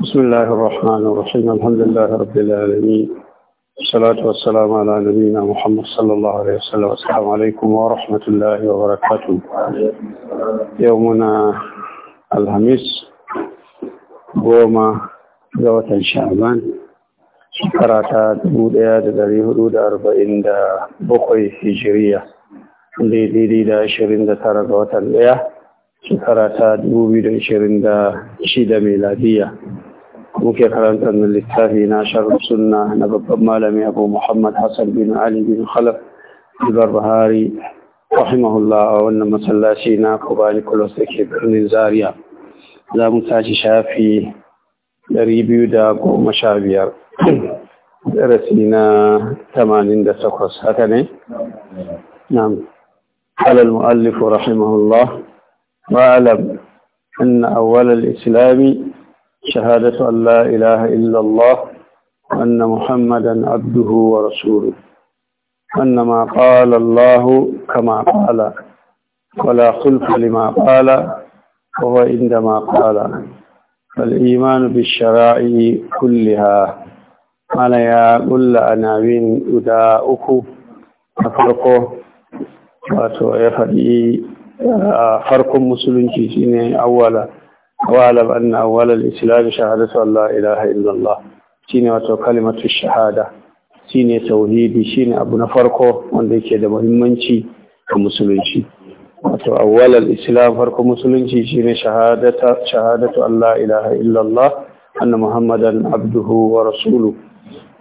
بسم الله الرحمن الرحيم الحمد لله رب العالمين والصلاة والسلام على نبينا محمد صلى الله عليه وسلم السلام عليكم ورحمة الله وبركاته يومنا الخميس goma ga watan sha'aban shekara ta dubu ɗaya da dari hudu da arba'in da bakwai hijiriya daidai da ashirin da tara ga watan ɗaya shekara ta 2026 meladiya muke karantar da littafi na sharar suna na babban malami abu muhammad hassan bin ali bin khalaf ibar Buhari. rahimahullah a wannan masallaci na kubani kulos da ke birnin zaria za mu tashi shafi 215 darasi na 88 haka ne? Na قال المؤلف رحمه واعلم أن أول الإسلام شهادة أن لا إله إلا الله وأن محمدا عبده ورسوله أن ما قال الله كما قال ولا خلف لما قال وهو عندما قال فالإيمان بالشرائع كلها قال يا كل أنابين أداؤك أفرقه واتو يفدي farkon musulunci shine awwala awwala anna awwala al-islam shahadatu Allah ilaha illallah shine wato kalimatu shahada shine tauhidi shine abu na farko wanda yake da muhimmanci ga musulunci wato awwal al-islam farkon musulunci shine shahadata shahadatu Allah ilaha illallah anna muhammadan abduhu wa rasuluhu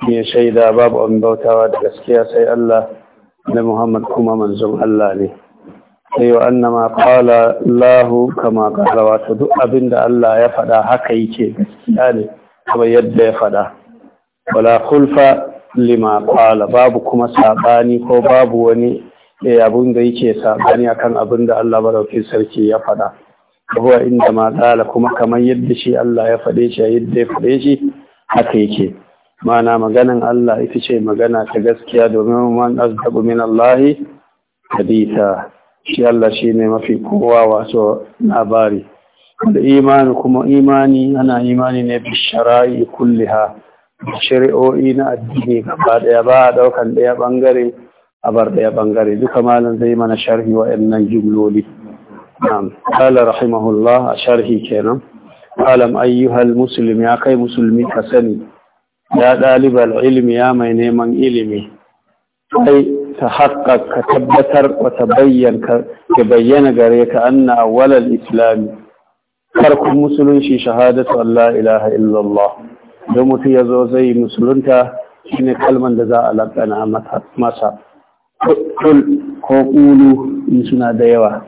ne shaida babu an bautawa da gaskiya sai Allah da Muhammad kuma manzon Allah ne sai wa annama kawala lahu kama wato duk abinda Allah ya faɗa haka yake gaskiya ne kuma yadda ya faɗa wala kulfa lima qala babu kuma saɓani, ko babu wani eh, abin da yake sabani akan abin da Allah madaukakin sarki ya faɗa huwa inda ma qala kuma kamar yadda shi Allah ya faɗe shi a yadda ya faɗe shi haka yake mana maganan Allah ita ce magana ta gaskiya domin man azdabu min Allah hadisa shi Allah shi ne mafi kowa wato labari da imani kuma imani ana imani ne bi shara'i kulliha shari'o'i na addini gaba daya ba a daukan daya bangare a bar daya bangare duka malam zai mana sharhi nan jumloli na'am qala rahimahullah a sharhi kenan alam ayyuhal musulmi, ya kai musulmi ka sani ya dalibal ilimi, ya mai neman ilimi Ta haƙa ka tabbatar wata bayyanka, ka bayyana gare ka anna awalal islam farkon musulunci shahadatu Allah ilaha illallah don mutum ya zo zai musulunta shine kalman da za a laƙana masa kul ko kulu in suna da yawa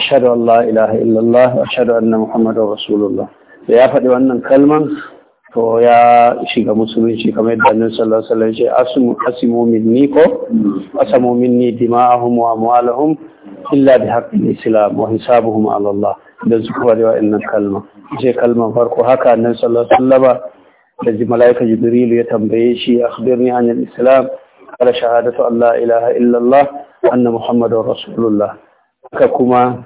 ashhadu an ilaha illallah ashhadu anna muhammadar rasulullah da ya faɗi wannan kalman to ya shiga musulunci kamar yadda annabi sallallahu alaihi wasallam ya ce asmu ko hmm. asamu minni dima'ahum wa amwalahum illa bi haqqil islam wa hisabuhum ala Allah da zuwa da wannan kalma je kalman farko haka annabi sallallahu alaihi wasallam da malaika jibril ya tambaye shi akhbirni an islam qala shahadatu an la ilaha illa Allah anna muhammadar rasulullah haka kuma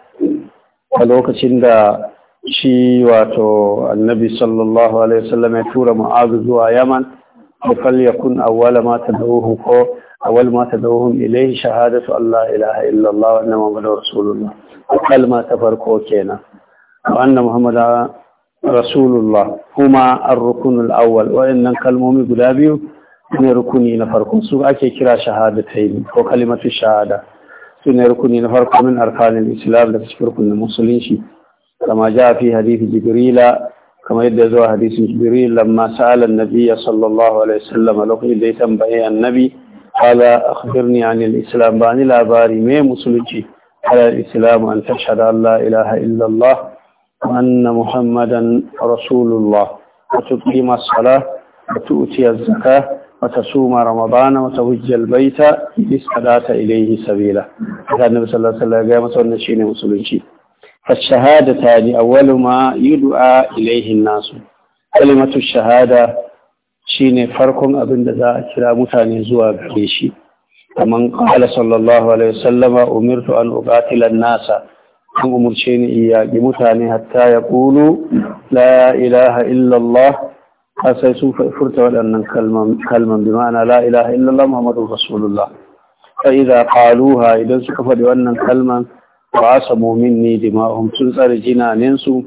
a lokacin da shi wato annabi sallallahu alaihi wasallam ya tura mu'azu zuwa yaman fal yakun awwala ma tad'uhu ko awwal ma tad'uhum ilayhi shahadatu allah ilaha illa allah wa anna muhammadar rasulullah kalma ta farko kenan wa anna muhammadar rasulullah kuma ar-rukun al-awwal wa'annan kalmomi guda biyu ne rukuni na farko su ake kira shahadatayn ko kalimatu shahada su ne rukuni na farko min arkanil islam da cikin rukunin musulunci كما جاء في حديث جبريل كما يدعو حديث جبريل لما سأل النبي صلى الله عليه وسلم لقي ليتم بأي النبي قال أخبرني عن الإسلام بأن لا باري مي مسلجي على الإسلام أن تشهد أن لا إله إلا الله وأن محمدا رسول الله وتقيم الصلاة وتؤتي الزكاة وتصوم رمضان وتوج البيت إذ استدعت إليه سبيلا هذا النبي صلى الله عليه وسلم قال مسلجي فالشهادتان أول ما يدعى إليه الناس كلمة الشهادة شين فرق أبن ذا كلا متاني زوا بريشي فمن قال صلى الله عليه وسلم أمرت أن أقاتل الناس an umarci ni iyaki mutane hatta ya ƙulu la ilaha illallah har sun furta waɗannan kalman bi ma'ana la ilaha illallah muhammadu rasulullah fa idza qaluha idan suka faɗi wannan kalman ba su momin ne dima'um sun tsare jinaninsu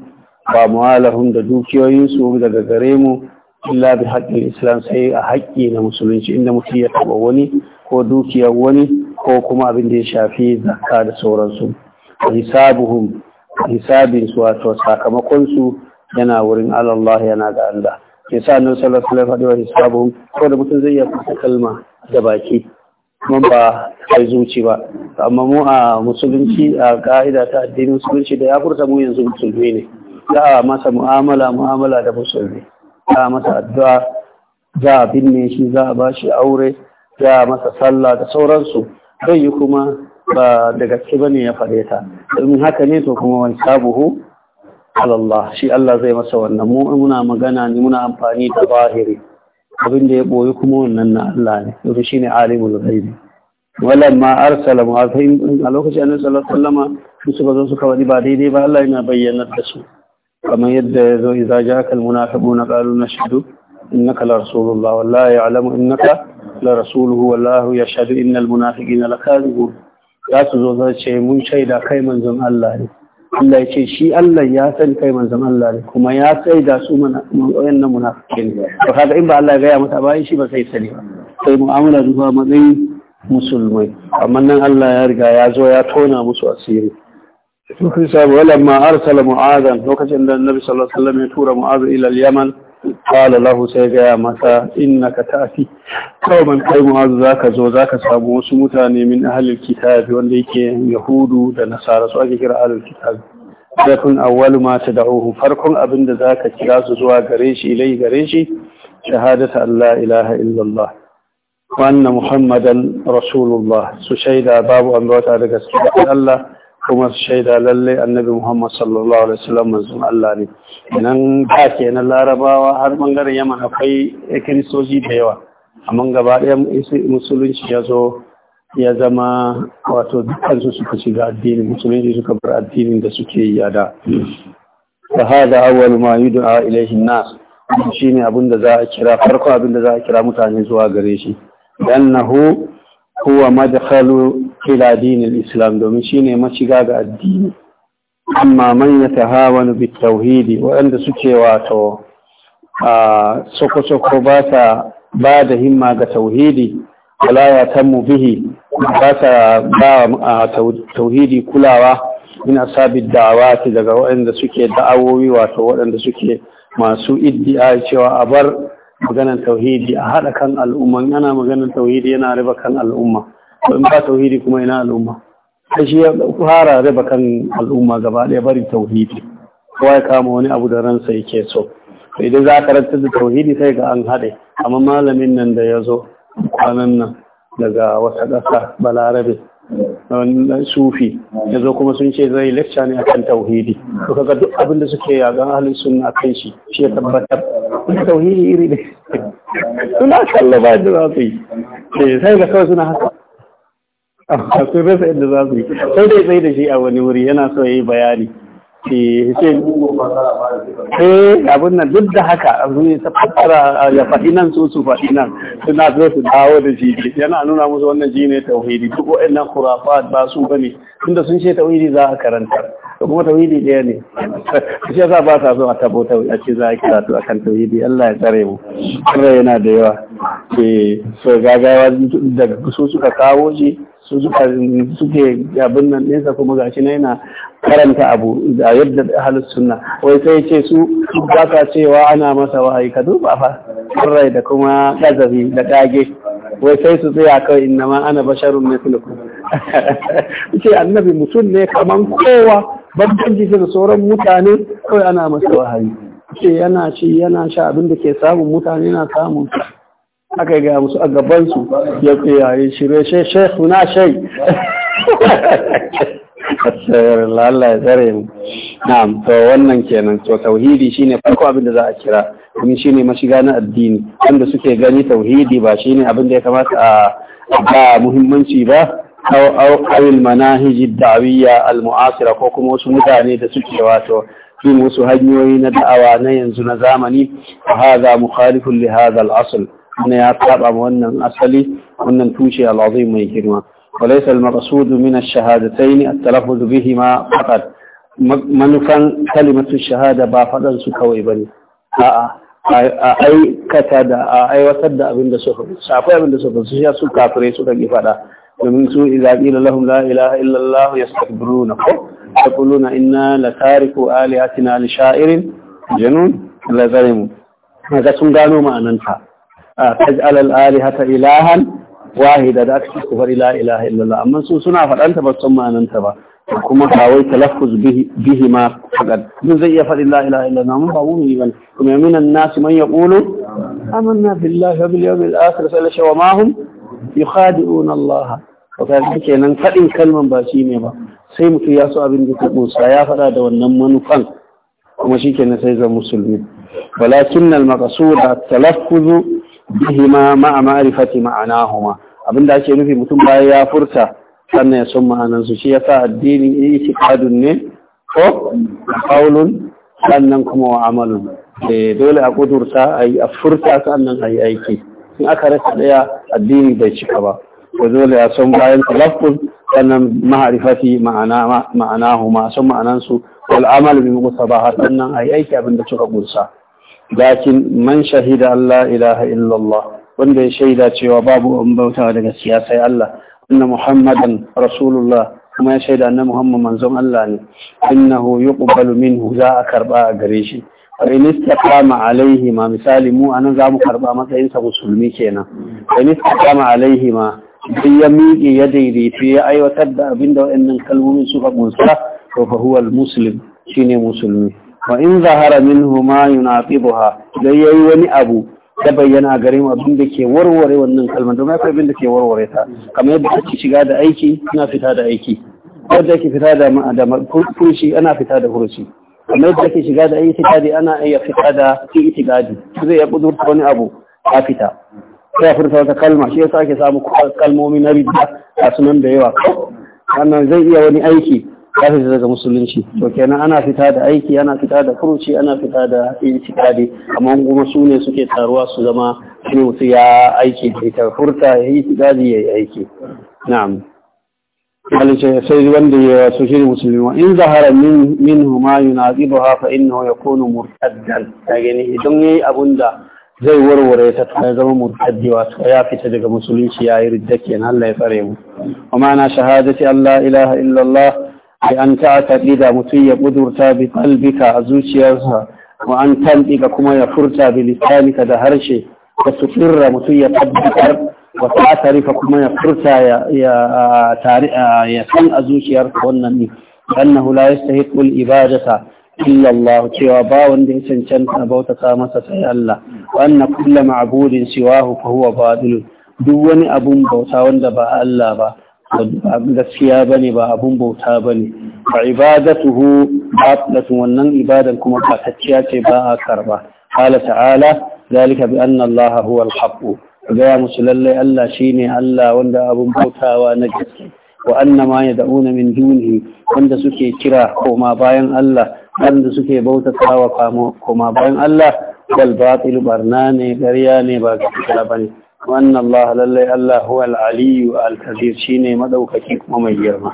ba mu'alahun da dukiyoyinsu daga gare mu illa bi haƙƙin islam sai a haƙƙi na musulunci inda mutum ya taɓa wani ko dukiyar wani ko kuma abin da ya shafi zakka da sauransu hisabuhum hisabin su wato sakamakon su yana wurin Allah yana ga Allah yasa annabi sallallahu alaihi wa sallam ko da mutum zai iya kalma da baki mun ba kai zuci ba amma mu a musulunci a ka'ida ta addinin musulunci da ya furta mu yanzu musulmi ne za a masa mu'amala mu'amala da musulmi za a masa addu'a za a binne shi za a bashi aure za a masa sallah da sauransu zai yi kuma ba da gaske ba ne ya faɗe ta in haka ne to kuma wani sabuhu alallah shi Allah zai masa wannan mu muna magana ne muna amfani da zahiri abin da ya boyi kuma wannan na Allah ne domin shi ne alimul ghaibi ma arsala mu'azzim a lokacin annabi sallallahu alaihi wasallam su ba zo ka wani ba daidai ba Allah yana bayyana da su kamar yadda ya zo idza ja'aka munafiquna qalu nashhadu innaka la rasulullah wallahi ya'lamu innaka la rasuluhu wallahu yashhadu innal munafiqina lakadibun za su zo zai ce mun shaida kai manzon Allah ne Allah ya ce shi Allah ya san kai manzon Allah ne kuma ya sai da su mana nan munafikin to kaga in ba Allah ya gaya mata bayan shi ba sai sani ba sai mu'amala zuwa matsayin musulmai amma nan Allah ya riga ya zo ya tona musu asiri to kisa wala ma arsala mu'adan lokacin da Annabi sallallahu alaihi wasallam ya tura mu'adan ila al-Yaman qala lahu sai gaya masa innaka tafi kawai kai mu'azu ka zo zaka samu wasu mutane min ahlil kitabi wanda yake yahudu da nasara su ake kira ahlul kitabi yakun awwalu ma tad'uhu farkon abin da zaka kira su zuwa gare shi ilai gare shi shahadata Allah la ilaha illallah wa anna muhammadan rasulullah su shaida babu an bauta da gaskiya Allah kuma su shaida lallai annabi muhammad sallallahu alaihi wasallam manzon Allah ne nan ba ke na larabawa har bangaren yaman akwai kiristoci da yawa amma gaba ɗaya musulunci ya zo ya zama wato dukansu suka shiga addinin musulunci suka bar addinin da suke yi a da fa hada awwal ma yud'a ilayhi an-nas shine abin da za a kira farko abin da za a kira mutane zuwa gare shi annahu huwa madkhalu ila dinil islam domin shine mashiga ga addini amma man ya tahawanu bi bitauhidi waɗanda suke wato a soko-soko ba sa ba da himma ga tauhidi wala ya tammu bihi ba sa ba a tauhidi kulawa ina sabid da'awati daga waɗanda suke da'awowi wato waɗanda suke masu iddia cewa a bar maganan tauhidi a haɗa kan al'umma yana maganan tauhidi yana riba kan al'umma in ba tauhidi kuma ina al'umma da shi ya fara raba kan al'umma gaba ɗaya bari tauhidi kowa ya kama wani abu da ransa yake so idan za a karanta da tauhidi sai ga an haɗe amma malamin nan da ya zo kwanan nan daga wata ƙasa balarabe sufi ya zo kuma sun ce zai lecture ne akan tauhidi to kaga duk abin da suke ga ahlus sunna kan shi shi ya tabbatar tauhidi iri ne suna kallaba da za su yi eh, sai ga kawai suna haka a sun rasa yadda za su yi sai dai tsaye da shi a wani wuri yana so ya yi bayani eh, eh abin nan duk da haka abu ne ta fassara ya faɗi nan su su faɗi nan suna zo su dawo da shi yana nuna musu wannan shi ne tauhidi duk wa'annan khurafat ba su ba bane tunda sun ce tauhidi za a karanta To kuma tauhidi ɗaya ne shi yasa ba sa so a tabo tauhidi a ce za a kira to akan tauhidi Allah ya tsare mu tsare yana da yawa eh so gagawa da su suka kawo shi su zuba suke abin nan nesa kuma gashi na yana karanta abu da yadda halis suna. wai sai ce su ba ka cewa ana masa wahayi ka duba fa rai da kuma gazabi da ƙage. wai sai su tsaya kawai inna ma ana basharun mithlukum ce annabi mutum ne kamar kowa babban jiki da sauran mutane kawai ana masa wahayi ce yana ci yana sha abin da ke samun mutane na samun aka gaya musu a gabansu ya kiyaye shirye shai shai na shai Allah ya tsare mu na'am to wannan kenan to tauhidi shine farko abin da za a kira kuma shine mashiga na addini wanda suke gani tauhidi ba shine abin da ya kamata a ba muhimmanci ba aw aw awil manahij ad-da'wiyya al-mu'asira ko kuma wasu mutane da suke wato bin wasu hanyoyi na da'awa na yanzu na zamani fa hadha mukhalifun li hadha al-asl ya girma. يتعب وأن أصلي وأن توشي shahada ويكرمه وليس المقصود من الشهادتين التلفظ ma faɗar. manufan kalimatun shahada ba faɗan su kawai ba ne a aikata da a aiwatar da abin da suka su abin da suka su su kafirai suka ki faɗa domin su idza qila lahum la ilaha illa allah yastakbiruna ko yaquluna inna la tariku alihatina li sha'irin janun la zalimu kaga sun gano ta. taj'al al-alihata ilahan wahida da aka ku bar la ilaha illallah amma su suna faɗanta ba san ma'ananta ba kuma kawai talaffuz bihi ma faqad mun zai iya faɗin la ilaha illallah mun ba mu ban kuma minan nas man yaqulu amanna billahi wa bil yawmil akhir sallallahu wa ma hum yukhadi'una Allah to kai nan faɗin kalman ba shi ne ba sai mutum ya so abin da ke musa ya faɗa da wannan manufan kuma shi ke na sai zan musulmi walakin al-maqsud at-talaffuz bihima ma'a ma'rifati ma'anahuma da ake nufi mutum bayan ya furta sannan ya san ma'anansu shi yasa addini itiqadun ne ko faulun sannan kuma wa amalun dole a kudurta yi a furta sannan a yi aiki in aka rasa daya addini bai cika ba ko dole a san bayan talaffuz sannan ma'arifati ma'ana ma'anahuma san ma'anansu wal amal bi musabaha sannan a yi aiki abinda suka gursa lakin man shahida Allah ilaha illallah wanda ya shaida cewa babu an bauta daga siyasai Allah anna muhammadan rasulullah kuma ya shaida na muhammad manzon Allah ne innahu yuqbalu minhu za a karba a gare shi fa in istaqama alaihi ma misali mu anan za mu karba matsayin sa musulmi kenan fa in istaqama alaihi ma sai ya miƙe ya daidaita ya aiwatar da abinda waɗannan kalmomin suka kunsa to fa huwa al-muslim shine musulmi wa in zahara minhu ma yunafibuha idan yayi wani abu da bayyana gare mu abin da ke warware wannan kalmar domin akwai abin da ke warware ta kamar yadda kake shiga da aiki kana fita da aiki yadda ake fita da furuci ana fita da furuci kamar yadda kake shiga da aiki, da ana iya fita da itikadi zai ya kudurta wani abu a fita sai furta wata kalma shi yasa ake samu kalmomi na ridda a sunan da yawa wannan zai iya wani aiki ya fita daga musulunci to kenan ana fita da aiki ana fita da furuci ana fita da itikadi amma kuma su ne suke taruwa su zama shi mutu ya aiki ita furta ya yi itikadi ya yi aiki na'am malice sai wanda ya so shi musulmi in zahara min min huma yunazibuha fa innahu yakunu murtaddan kage ne idan yayi abunda zai warware ta ta zama murtaddi wato ya fita daga musulunci yi ridda kenan Allah ya tsare mu amma na shahadati Allah ilaha illallah ai an ta da mutum ya kudurta bi qalbika a zuciyarsa wa an tantika kuma ya furta bi lisanika da harshe wa sufirra mutum ya tabbatar wa ta'arifa kuma ya furta ya san a zuciyarsa wannan ne annahu la yastahiqu al-ibadata illa cewa ba wanda ya cancanta ta masa sai Allah wa anna kullu ma'budin siwahu fa huwa batil duk wani abun bauta wanda ba Allah ba gaskiya ba ne ba abun bauta ba ne ba ibadatuhu batilatun wannan ibadan kuma batacciya ce ba a karba qala ta'ala zalika bi anna allaha huwa al-haqq gaya musu lallai Allah shine Allah wanda abun bautawa na gaske wa anna ma yad'una min dunihi wanda suke kira koma bayan Allah wanda suke bautatawa koma bayan Allah wal batil barna ne ƙarya ne ba gaskiya bane wannan lallai Allah huwa al-aliyu al-kabir shine maɗaukaki, kuma mai girma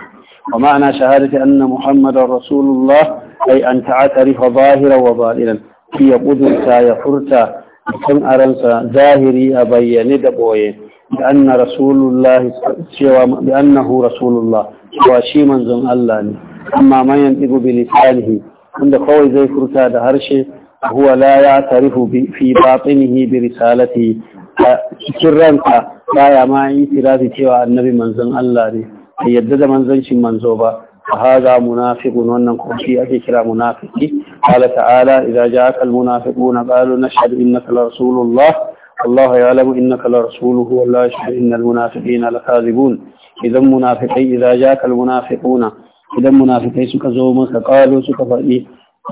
wa ma'ana shahadati anna Muhammadan rasulullah ay an ta'tarifa zahira wa batinan fi yaqudta ya furta kan aransa zahiri a bayyane da boye da anna rasulullah cewa bi annahu rasulullah wa shi manzon Allah ne amma man yadigu bi lisanihi inda kawai zai furta da harshe huwa la ya tarifu fi bi risalati a cikin ranka baya ma yin kirafi cewa annabi manzon Allah ne bai yarda da manzancin manzo ba a haza munafiqun wannan kuma ake kira munafiki qala ta'ala idza ja'aka almunafiquna qalu nashhadu innaka la rasulullah الله يعلم انك لرسوله ولا يشهد ان المنافقين لكاذبون اذا منافقي اذا جاك المنافقون اذا منافقي سكزوم قالوا سكفئي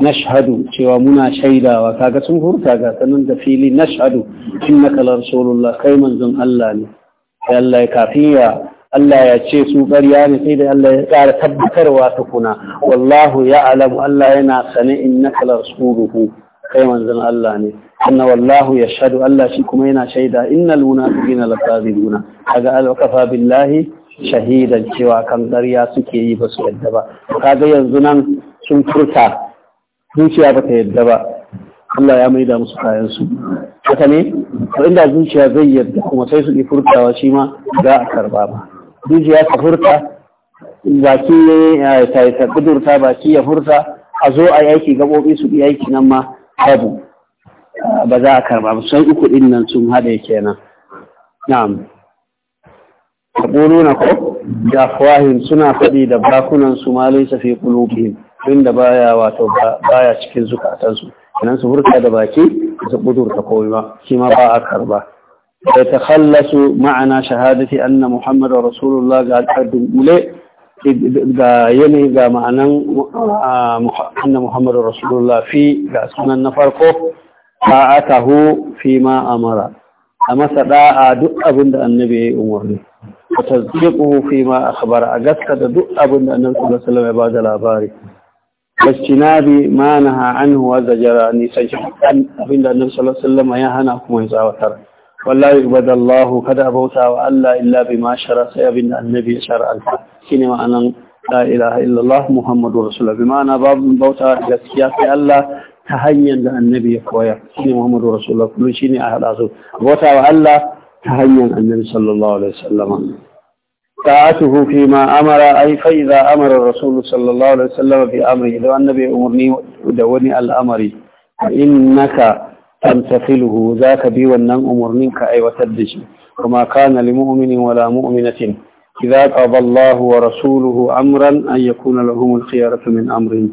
nashhadu cewa muna shaidawa kaga sun hurta ga sanin da fili nashhadu innaka la rasulullah kai manzon Allah ne sai Allah ya kafiya Allah ya ce su ƙarya ne sai da Allah ya tsara tabbatarwa kuna. wallahu ya'lamu Allah yana sane innaka la rasuluhu kai manzon Allah ne anna wallahu yashhadu Allah shi kuma yana shaida innal munafiqina lakazibuna kaga alkafa billahi shahidan cewa kan ƙarya suke yi ba su yadda ba kaga yanzu nan sun furta zuciya ba ta yadda ba Allah ya maida musu kayan su haka ne to inda zuciya zai yadda kuma sai su yi furtawa shi ma za a karba ba zuciya ta furta baki ya ta kudurta baki ya furta a zo a aiki gabobi su yi aiki nan ma babu ba za a karba ba sai uku din nan sun hada kenan na'am Ka fahim suna faɗi da bakunan su ma laisa fi kulubihim inda baya wato baya cikin zukatansu kenan su furta da baki su budurta komai ba shi ma ba a karba يتخلص ma'ana shahadati anna muhammadu rasulullah ga قال أدملي ga yanayi ga ma'anan anna Muhammadu Rasulullah fi ga sunan na farko ba a fi ma amara a masa da'a duk abin da annabi ya yi umarni ta tasdiqu fi ma akhbara a gaskata duk abin da annabi sallallahu alaihi wasallam ya ba da labari Bastinabi ma na anhu wa zajara nisan shi an abin annabi sallallahu alaihi wasallam ya hana kuma yasa wa tar. Wallahi ibadallahu kada bauta wa Allah illa bima shara sai abin da annabi ya shara alfa. Shine ma'anan la ilaha illa Allah Muhammadu rasulullah bima babu bauta gaskiya sai Allah ta hanyar da annabi ya koya. Shine Muhammadu rasulullah kullu shine a hada su. Bauta wa Allah ta hanyar annabi sallallahu alaihi wasallam. طاعته فيما أمر أي فإذا أمر الرسول صلى الله عليه وسلم في أمره لو النبي أمرني دوني الأمر إنك تمتثله ذاك بي ونن أمرنك أي وتدشي وما كان لمؤمن ولا مؤمنة إذا قضى الله ورسوله أمرا أن يكون لهم الخيارة من أمر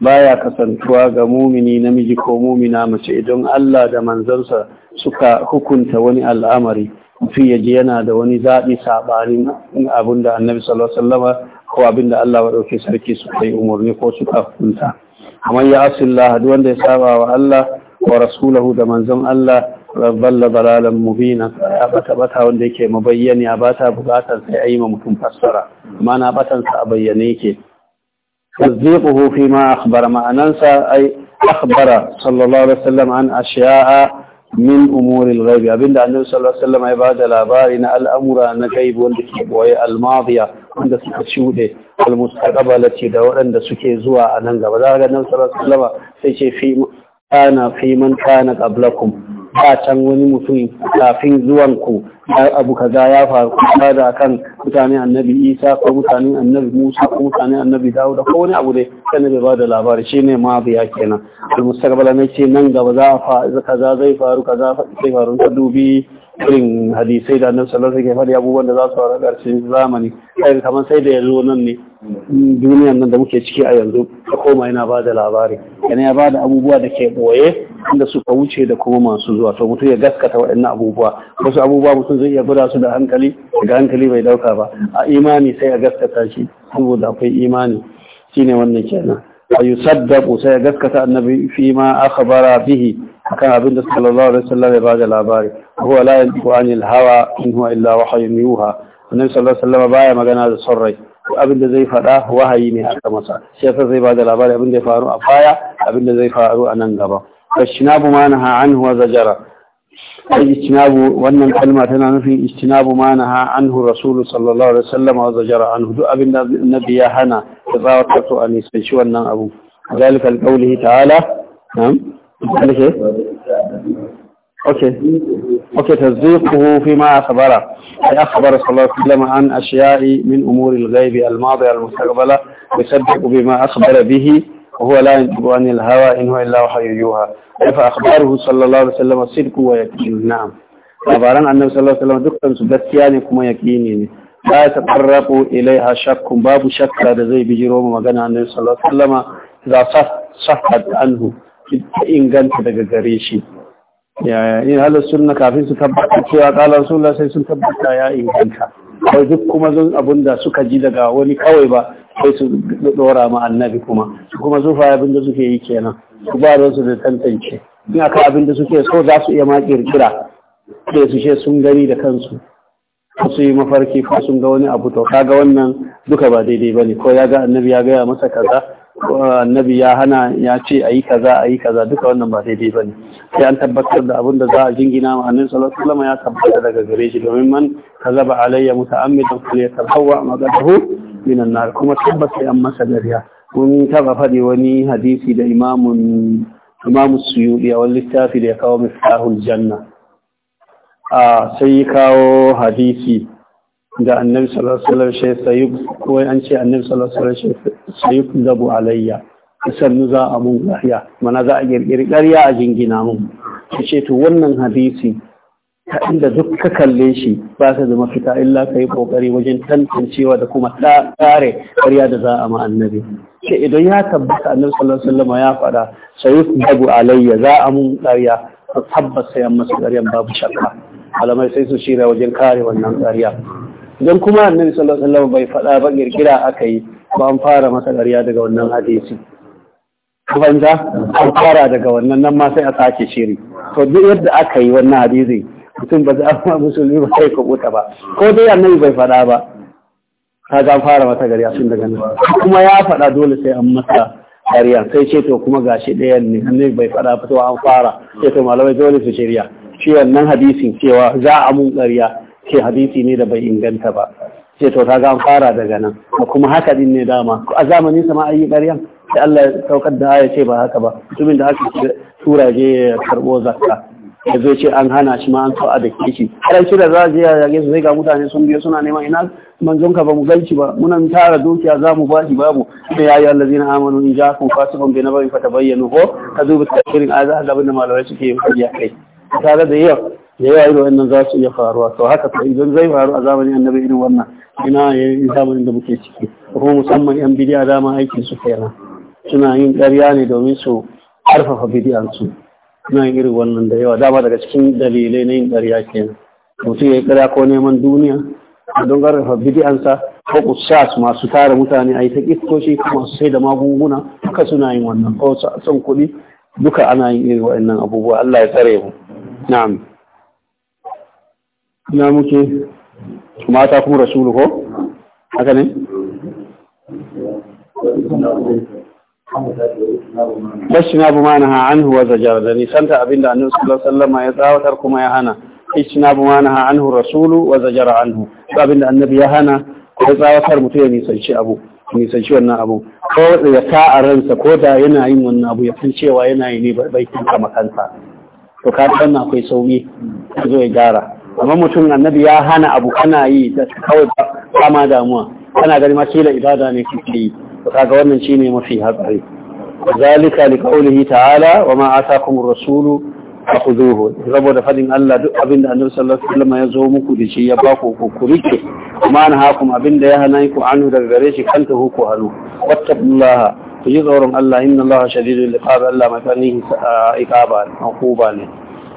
baya kasantuwa ga mumini namiji ko mumina mace idan Allah da manzansa suka hukunta wani al'amari mutum ya ji yana da wani zaɓi saɓanin abin da annabi sallallahu alaihi wasallama ko abin da Allah ɗauke sarki su kai umarni ko su kafunta amman ya asillah duk wanda ya saba wa Allah wa rasulahu da manzan Allah rabballa balalan mubina ya bata bata wanda yake mabayyani a bata bukatar sai ayi ma mutum fassara amma na batan a bayyane yake tasdiquhu fi ma akhbara ma'anansa ay akhbara sallallahu alaihi wasallam an ashiya'a min umuril ghaibi abinda annabi sallallahu alaihi wasallam ya da labari na al'amura na gaibi wanda ke boye al-madiya wanda suka shude al-mustaqbala ce da waɗanda suke zuwa a nan gaba za ga annabi sallallahu alaihi wasallam sai ce fi kana fi man kana qablakum ba can wani mutum kafin zuwan ku abu kaza ya faru kuma da kan mutane annabi isa ko mutane annabi musa ko mutane annabi dawuda ko wani abu dai sanin bai da labari shi ne ma biya kenan al mustaqbala ne ce nan gaba za a fa kaza zai faru kaza zai faru ta dubi irin hadisai da annabi sallallahu alaihi wasallam abubuwan da za su faru ƙarshen zamani kai kamar sai da ya zo nan ne duniyan nan da muke ciki a yanzu ka koma yana ba da labari yana ya ba da abubuwa da ke boye inda suka wuce da kuma masu zuwa to mutum ya gaskata waɗannan abubuwa wasu abubuwa mutum zai iya gura su da hankali daga hankali bai dauka ba a imani sai a gaskata shi saboda akwai imani shine wannan kenan ويصدق سيغسكت النبي فيما أخبر به كان عبد صلى الله عليه وسلم بعد العباري هو لا ينطق عن الهوى إن هو إلا وحي يوحى النبي صلى الله عليه وسلم بايا مغانا da son rai abin da zai faɗa wahayi ne aka masa shi yasa zai bada labari abin da ya faru a baya abin da zai faru a nan gaba washinabu ma naha anhu wa zajara ai istinabu wannan kalma tana nufin istinabu ma naha anhu rasulu sallallahu alaihi wasallam wa zajara anhu duk abin da annabi ya hana tsawatar su a nisanci wannan abu ذلك لقوله تعالى نعم ذلك إيه؟ اوكي اوكي تصديقه فيما اخبره اي اخبر صلى الله عليه وسلم عن اشياء من امور الغيب الماضيه المستقبله يصدق بما اخبر به وهو لا ينطق عن الهوى ان هو الا وحي يوحى فاخباره صلى الله عليه وسلم صدق ويكين نعم labaran annabi sallallahu alaihi wasallam dukkan su gaskiya ne kuma la ya ilai ilaiha shakkun babu shakka da zai bi jiro magana ne sallallahu alaihi wasallama za sahad anhu ta inganta daga gare shi yaya in halar sunna kafin su tabbata cewa kalar sunna sai sun tabbata ya inganta ko duk kuma zan abunda da suka ji daga wani kawai ba sai su ɗora ma annabi kuma kuma zufa abin da suke yi kenan su ba su da tantance in aka abin da suke so za su iya ma ƙirƙira sai su ce sun gani da kansu su yi mafarki ko sun ga wani abu to kaga wannan duka ba daidai ba ne ko ya ga annabi ya gaya masa kaza ko annabi ya hana ya ce a yi kaza a yi kaza duka wannan ba daidai ba ne sai an tabbatar da abin da za a jingina ma annabi sallallahu alaihi ya tabbata daga gare shi domin man kazaba alayya muta'ammidan falyatahawwa magadahu minan nar kuma tabbata an masa dariya mun taba faɗi wani hadisi da imamun imamu suyudi a wani littafi da ya kawo miftahul janna a sai kawo hadisi da annabi sallallahu alaihi wasallam sai an ce annabi sallallahu alaihi wasallam sai zabu alayya sannu za a mun ƙarya mana za a ƙirƙiri ƙarya a jingina mun ta ce to wannan hadisi ta inda duk ka kalle shi ba ta zama fita illa ka yi ƙoƙari wajen tantancewa da kuma tsare ƙarya da za a ma annabi Ke idan ya tabbata annabi sallallahu alaihi wasallam ya faɗa sai babu alayya za a mun ƙarya ta sai yan masu ƙaryan babu shakka alamai sai su shirya wajen kare wannan ƙarya Don kuma annabi sallallahu alaihi bai faɗa ba girgira aka yi ba an fara masa ƙarya daga wannan hadisi banza an fara daga wannan nan ma sai a sake shiri to duk yadda aka yi wannan hadisi mutum ba za a musulmi ba sai kubuta ba ko dai annabi bai faɗa ba ka ga fara masa ƙariya tun daga nan kuma ya faɗa dole sai an masa kariya sai ce to kuma gashi ɗayan ne hannun bai faɗa fitowa an fara sai to malamai dole su shirya shi wannan hadisin cewa za a mun ƙarya ke hadisi ne da bai inganta ba ce to ta an fara daga nan kuma haka din ne dama a zamanin sama ayi ƙaryan sai Allah ya saukar da ya ce ba haka ba mutumin da aka tura je ya karɓo zakka ya zo ce an hana shi ma an kawo a da ke shi da za a je a yage su sai ga mutane sun biyo suna neman ina manzon ka ba mu galci ba munan tara dukiya za mu bashi babu da ya yi allazi na amanu in ja kun fasu ban fata bayyana ko ka zuba bi tafsirin a za a da malamai suke yi kuɗi a kai tare da yau da wannan za su iya faruwa to haka to idan zai faru a zamanin annabi irin wannan ina yayin zamanin da muke ciki kuma musamman yan bidiya dama aikin su kenan suna yin ƙarya ne domin su ƙarfafa bidiyansu. su na yin iri wannan da yawa dama daga cikin dalilai na yin ke kenan mutum ya yi ƙarya ko neman duniya don ƙarfafa bidiyansa ko kusas masu tara mutane a yi ta ƙistoshi ko masu sai da magunguna duka suna yin wannan ko son kuɗi duka ana yin iri waɗannan abubuwa Allah ya tsare mu na'am ina muke mata kuma rasulu ko haka ne na buma na an huwa zajar da nisanta abin da sallallahu alaihi ya tsawatar kuma ya hana buma na naha anhu rasulu wa zajara abin da annabi ya hana ya tsawatar mutum ya nisanci abu nisanci wannan abu ko ya ka a ransa ko da yana yin wannan abu ya san cewa yana yi ne bai kama to ka wannan akwai sauki zo ya gyara amma mutum annabi ya hana abu kana yi da kawai ba ma damuwa kana gani ma kila ibada ne kike yi kaga wannan shine mafi hatsari zalika liqaulihi ta'ala wa ma ataakumur rasulu fakhuduhu saboda fadin Allah duk abinda Annabi sallallahu alaihi wasallam ya zo muku da shi ya baku ku kurike kuma na hakum abinda ya hana ku anu daga gare shi kanta ku halu wattaqullaha ku ji tsoron Allah inna Allah shadidul iqab Allah matani ah, iqaba hukuba ne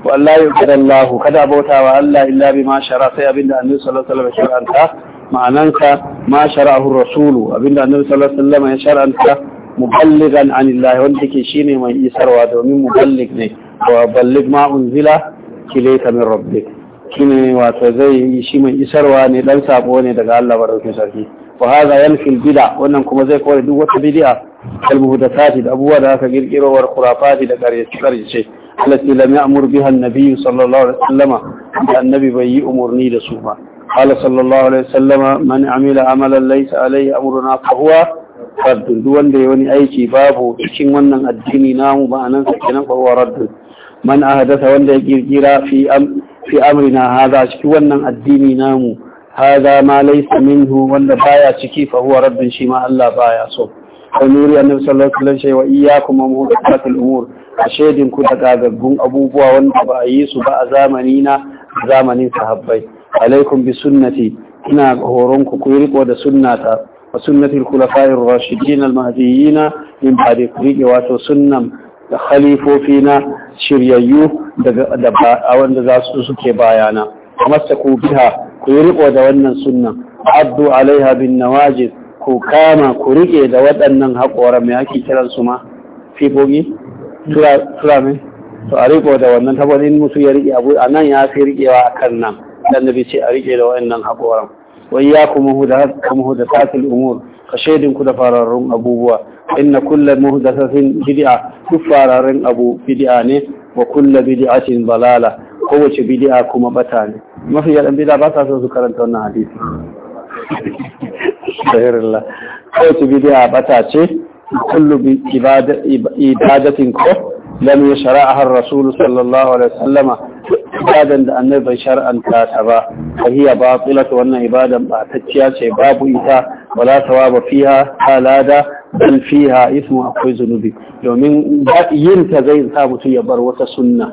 wa Allah yuqadallahu kada bautawa Allah illa bima shara sai abinda Annabi sallallahu alaihi wasallam ya sharanta ma'anansa ma shara'ahu rasulu abinda annabi sallallahu alaihi wasallam ya shar'anta muballigan anillahi wanda yake shine mai isarwa domin muballig ne wa ballig ma unzila ilayka min rabbik shine wato zai yi shi mai isarwa ne dan sabo ne daga Allah barkatun sarki wa hadha yanfi bid'a wannan kuma zai kore duk wata bid'a al muhdathati da abubuwa da aka kirkiro wa khurafati da karyace allati lam ya'mur biha an-nabiy sallallahu alaihi wasallama da annabi bai yi umurni da su ba قال صلى الله عليه وسلم من عمل عملا ليس عليه امرنا فهو رد دوان دي وني ايكي بابو cikin wannan addini namu ba anan sa kenan fa huwa radd man ahdatha wanda ya kirkira fi am fi amrina hadha cikin wannan addini namu hadha ma laysa minhu wanda baya ciki fa huwa shi ma Allah baya so annuri annabi sallallahu alaihi wasallam shay wa iyyakum muhdathatul umur A ku da gagaggun abubuwa wanda ba a yi su ba a zamanina zamanin sahabbai alaikum bi sunnati ina horon ku riko da sunnata wa sunnatil khulafa'ir rashidin al mahdiyina min ba'di riƙe wato sunnan da khalifofi na shiryayyu da a wanda za su suke bayana ku biha ku yi riko da wannan sunnan addu alaiha bin nawajid ku kama ku rike da waɗannan haƙoran mai ake kiran su ma fifogi tura mai to a riko da wannan tabbatin musu ya rike abu a nan ya fi rikewa a kan nan النبي سيأري إلو إن نحب ورم وإياكم مهدثات الأمور خشيد كل فرار أبوه إن كل مهدثة بدعة كفرار أبو بدعاني وكل بدعة ضلالة قوة بدعة كما بتاني ما في يلم بدعة بطا سوزكرا تونا حديث سهر الله قوة بدعة بطا كل بإبادة كو لم يشرعها الرسول صلى الله عليه وسلم ibadan da annabi bai shar'anta ta ba fa hiya batilatu wannan ibadan ba batacciya ce babu ita wala thawaba fiha halada dan fiha ismu akwai zunubi domin yin ta zai sa mutum ya bar wata sunna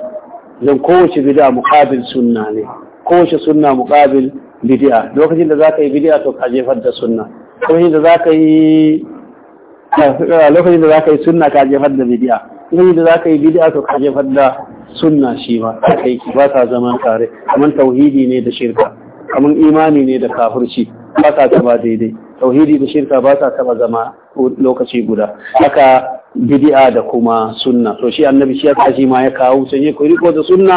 zan kowace bid'a muqabil sunna ne kowace sunna muqabil bid'a lokacin da zaka yi bid'a to ka jefar da sunna lokacin da zaka yi lokacin da zaka yi sunna ka jefar da bid'a in da za ka yi bid'a to ka fadda sunna shi ba haka yi. ba sa zama tare kamar tauhidi ne da shirka kamar imani ne da kafirci ba sa taba daidai tauhidi da shirka ba sa taba zama lokaci guda haka bidi'a da kuma sunna to shi annabi shi ya kaji ma ya kawo sai ku ko da sunna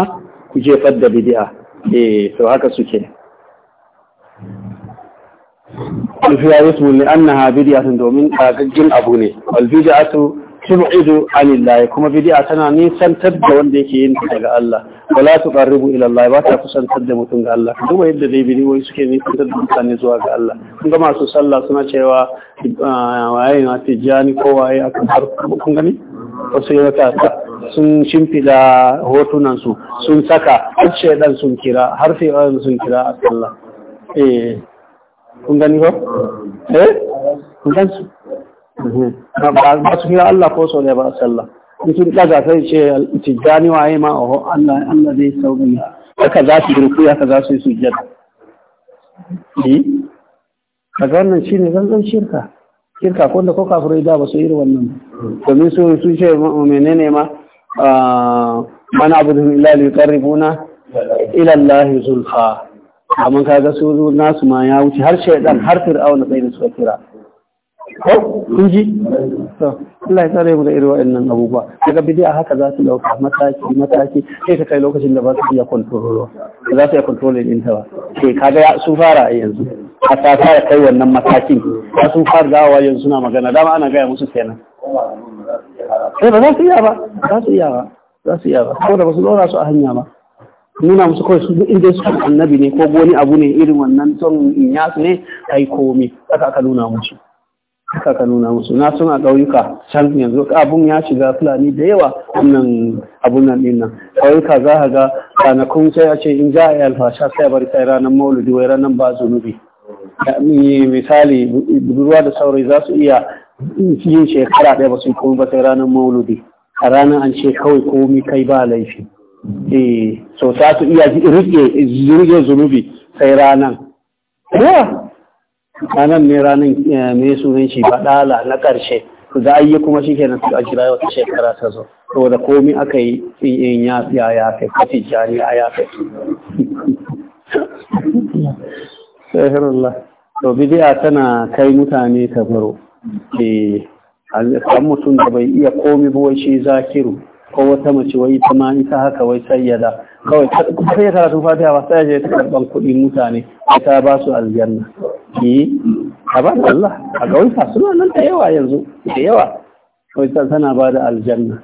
ku je fadda bidi'a. eh to haka suke alfiya yasmu li annaha bid'atun domin kagaggin abu ne al tub'idu anillah kuma bid'a tana nisantar da wanda yake yin daga Allah wala tuqarribu ila Allah ba ta kusantar da mutum ga Allah duk yadda dai bidiyoyi suke nisantar da mutane zuwa ga Allah kun ga masu sallah suna cewa ah, waye na tijani ko waye aka har kun gani wasu yata sun shimfida hotunan su sun saka har shedan sun kira har fi'an sun kira a sallah eh kun gani ko eh kun gani ba su kira Allah ko sau ne ba sallah in sun ɗaga sai ce tijjani wa ma a Allah Allah zai sauƙi haka za su ya haka za su yi sujjada yi ga wannan ne zanzan shirka shirka ko da ko kafirai da ba su yi wannan domin su sun ce menene ma ah, mana abuduhum illa li yuqarribuna ila Allah zulfa amma kaga su nasu ma ya wuce har shaydan har fir'auna sai da suka kira ko kun ji to Allah ya tsare mu da irin wa'annan abubuwa daga bid'a haka za su dauka mataki mataki sai ka kai lokacin da ba su iya control za su iya control din ta ba sai kaga su fara a yanzu a ta ya kai wannan matakin ba sun fara dawowa yanzu suna magana dama ana gaya musu kenan sai ba za su iya ba za su iya ba za su iya ba saboda ba su dora su a hanya ba nuna musu kawai su in dai su annabi ne ko wani abu ne irin wannan ton in yasu ne ai komi haka aka nuna musu Ka ka nuna musu na suna ƙauyuka can yanzu abun ya shiga fulani da yawa wannan abun nan din nan ƙauyuka za ka ga ranakun sai a ce in za a yi alfasha sai a bari sai ranar maulidi wai ranar ba zunubi misali budurwa da saurayi za su iya yin shekara ɗaya ba su komi ba sai ranar maulidi a ranar an ce kawai komi kai ba laifi eh so za su iya rike zunubi sai ranar ranar ne ranar eh, mai sunan shi badala na ƙarshe za a yi kuma shi su a jira wata shekara ta zo saboda komi aka yi tsiyin ya fiya ya kai kafin jari a ya kai sahirullah to bidiya tana kai mutane ta baro ke eh, kan mutum da bai iya komi ba shi zakiru ko wata mace wai ita ma ita haka wai sayyada kawai kuma sai karatun fatiha ba sai ya ta karban kuɗi mutane ta ba su aljanna ki a ba Allah a gauyuka suna nan da yawa yanzu da yawa kawai tana ba da aljanna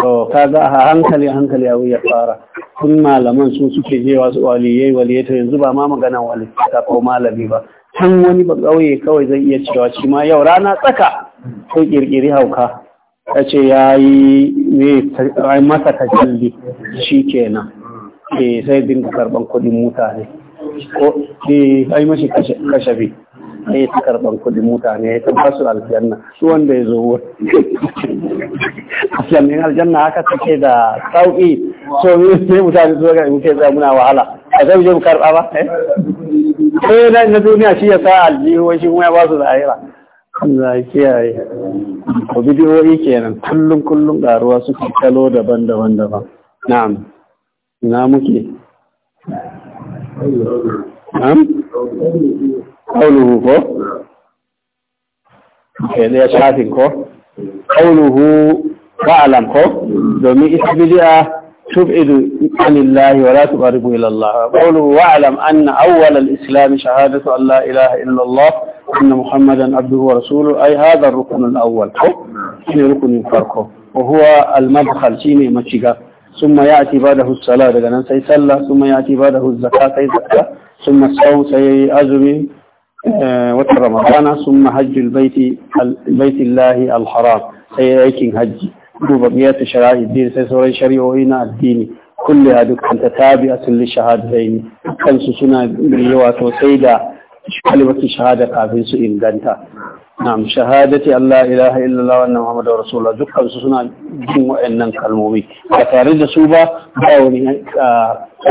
to kaga a hankali hankali abu ya fara kun malaman su suke je wasu waliyai waliyata yanzu ba ma magana waliyata ko malami ba can wani ba kauye kawai zai iya cewa shi ma yau rana tsaka ko kirkiri hauka ya ce ya yi masa tajalli shi kenan ke eh, sai dinga karban kudin mutane ko ke eh, ai mashi kashafi sai ta karban kudin mutane ya ta basu aljanna su wanda ya zo wani aljanna aljanna haka take da sauki so ne mutane su ga muke zai muna wahala a zai je mu karba ba eh, eh na duniya shi ya sa aljihu shi kuma ya basu da Allah za a kiyaye ko bidiyoyi kenan kullum kullum garuwa suke kalo daban-daban daban na'am na muke ƙaunuhu ko? ƙe eh, ɗaya shafin ko? ƙaunuhu domin isa bidi'a tuf idu anillahi wa latu ɓarigu ilallah ƙaunuhu ba'alan an na awwalar islami shahadatu Allah ilaha illallah anna muhammadan abduhu wa rasulu ai haza rukunin awwal ko? rukunin farko ko huwa almabakal shi ne maciga summa ya'ti ba'dahu as daga nan sai sallah summa ya'ti ba'dahu az sai zakat summa as sai azumi wata ramadana Suma hajjul baiti baitillahi al sai aikin hajji duba biyar ta shari'a din sai sauran shari'o'i na addini kulle a dukkan ta tabi a tulli shahadaini kansu suna yawa sosai da kalmatu shahada kafin su inganta na'am shahadati Allah ilaha illallah wa anna Muhammadu rasulullah dukkan su suna jin wa'annan kalmomi ba tare da su ba ba wani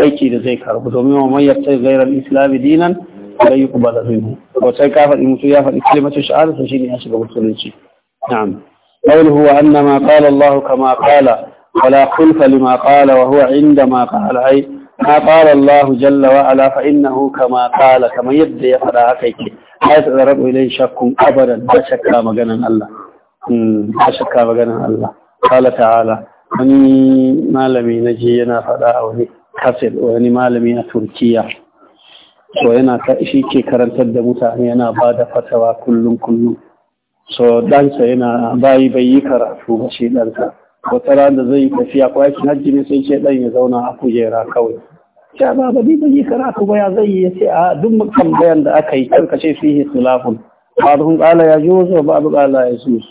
aiki da zai karbu domin wa man yatta ghayra al-islam dinan la yuqbal minhu ko sai ka faɗi mutu ya faɗi kalmatu shahada to shine ya shiga musulunci na'am qawluhu wa anna ma qala Allah kama qala ولا خلف لما قال وهو عندما قال أي ما قال الله جل وعلا فإنه كما قال كما يبدأ يفرع كيكي la da rabu ilai shakkun abadan ba shakka maganan Allah hmm, ba shakka maganan Allah kala ta'ala wani malami na je yana faɗa a wani kafir wani malami a Turkiya so yana shi ke karantar da mutane yana ba da fatawa kullum kullum so ɗansa yana bayi bai yi karatu ba shi ɗansa wata randa zai yi tafiya ko aikin hajji ne sai ce ɗan ya zauna a kujera kawai cewa ba ba ba yi karatu ba ya zai ya ce a duk mukan bayan da aka yi karkace su yi silafun ba'dhum qala ya juz wa babu qala ya juz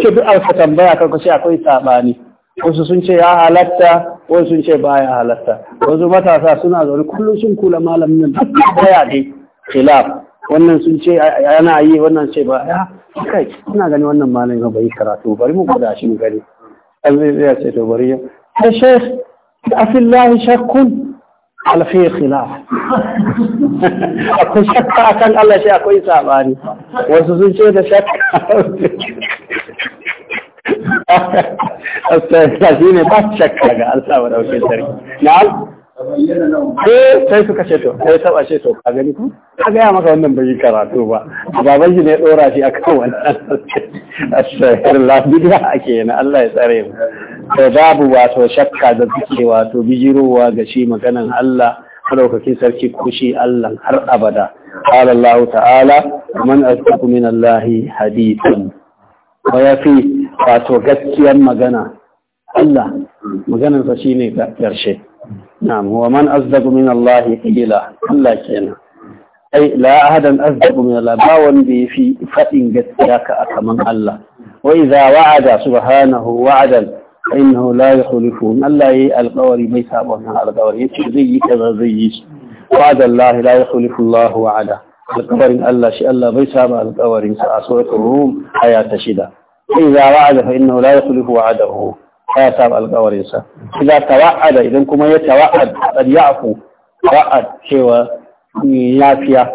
ce duk aka tambaya karkace akwai sabani wasu sun ce ya halatta wasu sun ce baya halatta wasu matasa suna zaune kullum sun kula malamin nan duk baya dai khilaf wannan sun ce yana yi wannan ce ba ya kai ina gani wannan malamin ba yi karatu bari mu gwada shi mu gani an zai ce to bari ya sai أفي الله شك على فيه خلاف أكو شك أكن الله شيء أكو إساباني وسوسن شيء eh sai suka ce to sai taba ce to ka gani ka gaya maka wannan bai karatu ba baban shi ne dora shi akan wannan ake na Allah ya tsare mu to babu wato shakka da suke wato bijirowa ga shi maganan Allah madaukakin sarki kushi Allah har abada قال الله تعالى ومن أصدق من الله حديثا ويفي wato gaskiyar magana Allah maganarsa shine karshe na'am wa man asdaqu min Allah qila Allah kenan ai la ahadan asdaqu min Allah ba wanda yafi fadin gaskiya ka kaman Allah wa idza wa'ada subhanahu wa'adan innahu la yukhlifu Allah yayi alqawari bai saba wannan alqawari yace zai yi kaza zai yi shi wa'ada Allah la yukhlifu Allah wa'ada alqawarin Allah shi Allah bai saba alqawarin sa a suratul rum aya ta shida idza wa'ada fa innahu la yukhlifu wa'adahu ya saba alqawarin sa idza idan kuma ya tawa'ad qad ya'fu wa'ad cewa lafiya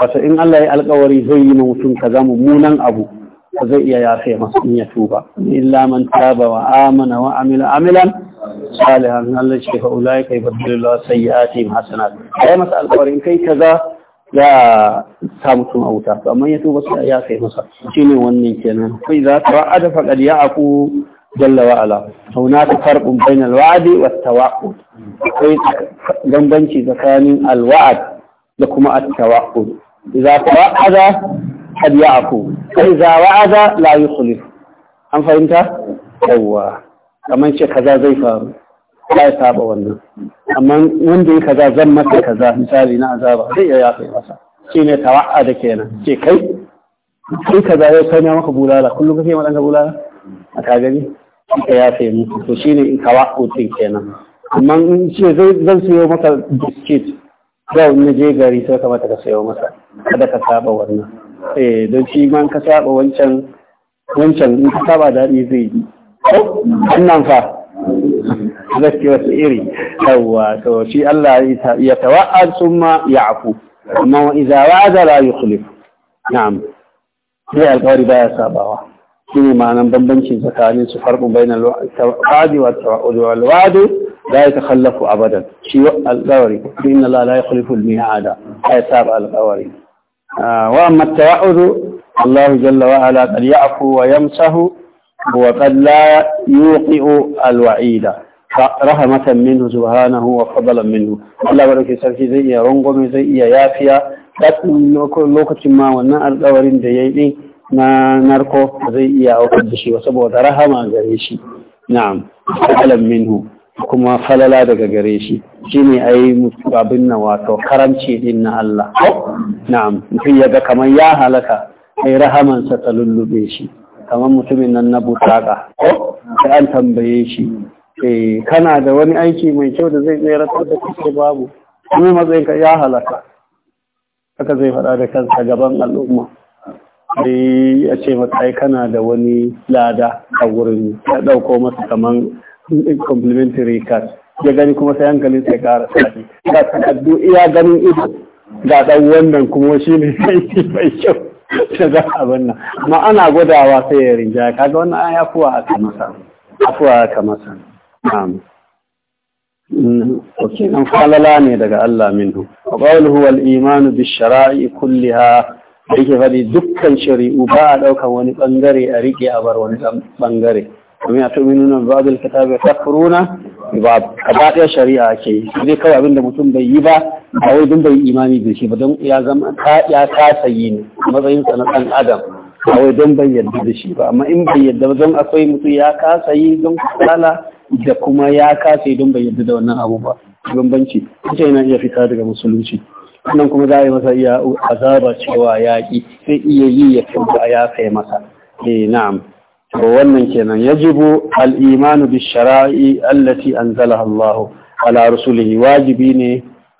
wato in Allah ya alkawari zai yi mutum ka zama munan abu ba zai iya yafe masu in ya tuba illa man taba wa amana wa amila amilan salihan Allah ce fa ulai kai badalillah sayyi'atihim hasanat kai masa alƙawarin kai kaza za a sa mutum wuta to amma ya tuba sai ya kai masa shine wannan kenan kai za ta wa'ada faqad ya'qu jalla wa ala hunaka farqun bainal wa'di wat tawaqqud kai bambanci tsakanin alwa'ad da kuma at tawaqqud idza tawa'ada ya قد za فإذا la لا يخلف an fahimta yawa kamar ce kaza zai faru ya saba wannan amma wanda ya kaza zan masa kaza misali na azaba zai iya yafe masa shi ne tawa'a da kenan ce kai kai kaza ya sanya maka bulala kullum kake maɗan ka bulala a ka gani ka yafe mu to shi ne in tawa'u din kenan amma in ce zan sayo maka biskit yau na je gari sai ka mata ka sayo masa kada ka saba wannan eh don shi man ka saba wancan wancan in ka saba daɗi zai yi wannan fa zaki wasu iri yawwa to shi Allah ya tawa'ad summa ya'fu amma wa idza wa'ada la yukhlif na'am sai alƙawari baya sabawa shine ma'anan bambancin tsakanin su farqu bainal wa'di wa tawa'ud wal wa'd la yatakhallafu abadan shi alƙawari inna Allah la yukhlifu al mi'ada ay sab alƙawari وأما التوعد الله جل وعلا قد يعفو ويمسه وقد لا يوقئ الوعيد رحمة منه سبحانه وفضلا منه الله بارك سركي زي يا رنغومي زي يا يافيا lokacin ma wannan alkawarin da ya yi na narko zai iya aukar da shi wasu saboda rahama gare shi na'am alam minhu kuma falala daga gare shi shine ai mutu abin nan wato karamci din na Allah na'am mutum ya ga kamar ya halaka ai rahamansa ta lullube shi kamar mutumin nan na butaka sai an tambaye shi eh kana da wani aiki mai kyau da zai tsere da kake babu kuma matsayinka ya halaka haka zai faɗa da kansa gaban al'umma sai ya ce masa kana da wani lada a wurin ya ɗauko masa kamar. complementary card ya gani kuma sai hankalin sai kara sati ga takardu iya ganin ido ga ɗan wannan kuma shi ne mai kyau da za a banna amma ana gwadawa sai ya rinja kaga wannan an yafuwa aka masa afuwa aka masa na'am mm. an falala ne daga Allah minhu wa qawluhu wal imanu bi shara'i kulliha yake faɗi dukkan shari'u ba a ɗaukar wani ɓangare a riƙe a bar wani ɓangare domin a tumi nuna babin kitab bai kafuruna ba a ɗaya shari'a ke zai kawai abinda mutum bai yi ba a wai don bai imani da shi ba don ya zama ya kasa yi ne matsayin sa na ɗan adam a wai don bai yarda da shi ba amma in bai yarda ba don akwai mutum ya kasa yi don kasala da kuma ya kasa yi don bai yarda da wannan abu ba bambanci ita yana iya fita daga musulunci Wannan kuma za a yi masa iya azaba cewa yaƙi sai iya yi ya kyauta a ya kai masa eh, na'am to wannan kenan yajibu al-imanu bi shara'i allati anzalaha Allah ala rasulihi wajibi ne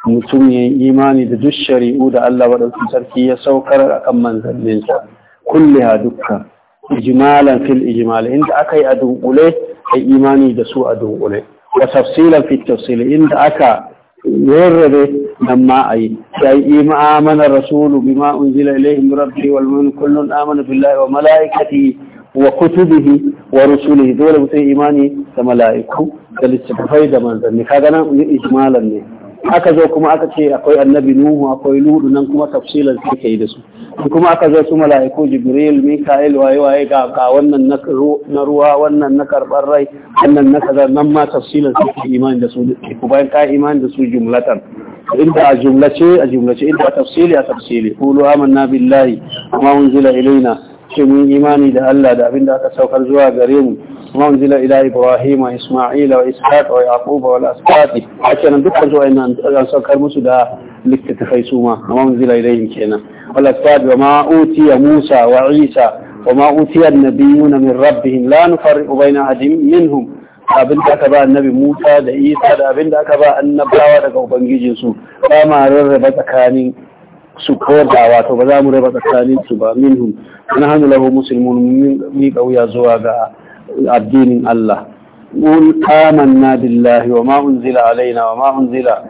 mutum ya imani da duk shari'u da Allah waɗansu sarki ya saukar a kan manzanninsa kulliha dukkan ijmalan fil ijmal inda aka yi a ai imani da su a dunkule wa tafsilan tafsil inda aka yarrabe nan ma ayi sai imana rasulu bima unzila ilayhi rabbi wal mu'minun kullun amana billahi wa malaikatihi wa kutubihi wa rusulihi dole mutum imani da mala'iku da littattafai da manzanni gana ni ijmalan ne aka zo kuma aka ce akwai annabi nuhu akwai ludu nan kuma tafsilan suke yi da su kuma aka zo su mala'iku jibril mika'il waye waye ga ga wannan na ruwa wannan na karbar rai wannan na kaza nan ma tafsilan suke imani da su ku bayan ka imani da su jumlatan inda a jumlace a jumlace inda a tafsili a tafsili qulu amanna billahi wa unzila ilaina ce mun imani da Allah da abin aka saukar zuwa gare mu kuma mun zila ila Ibrahim wa Isma'il wa Ishaq wa Yaqub wa al-Asbat ake nan dukkan su wayannan an saukar musu da littattafai su ma amma mun zila ilayhim kenan wal Asbat wa ma utiya Musa wa Isa wa ma utiya an min rabbihim la nufarriqu bayna ahadin minhum abin da aka ba annabi Musa da Isa da abin da aka ba annabawa daga ubangijinsu ba ma rarraba tsakanin su koda wato ba za mu raba tsakanin su ba minhum na hannu lahu musulmun min mi kauya zuwa ga addinin Allah qul amanna billahi wa ma unzila alaina wa ma unzila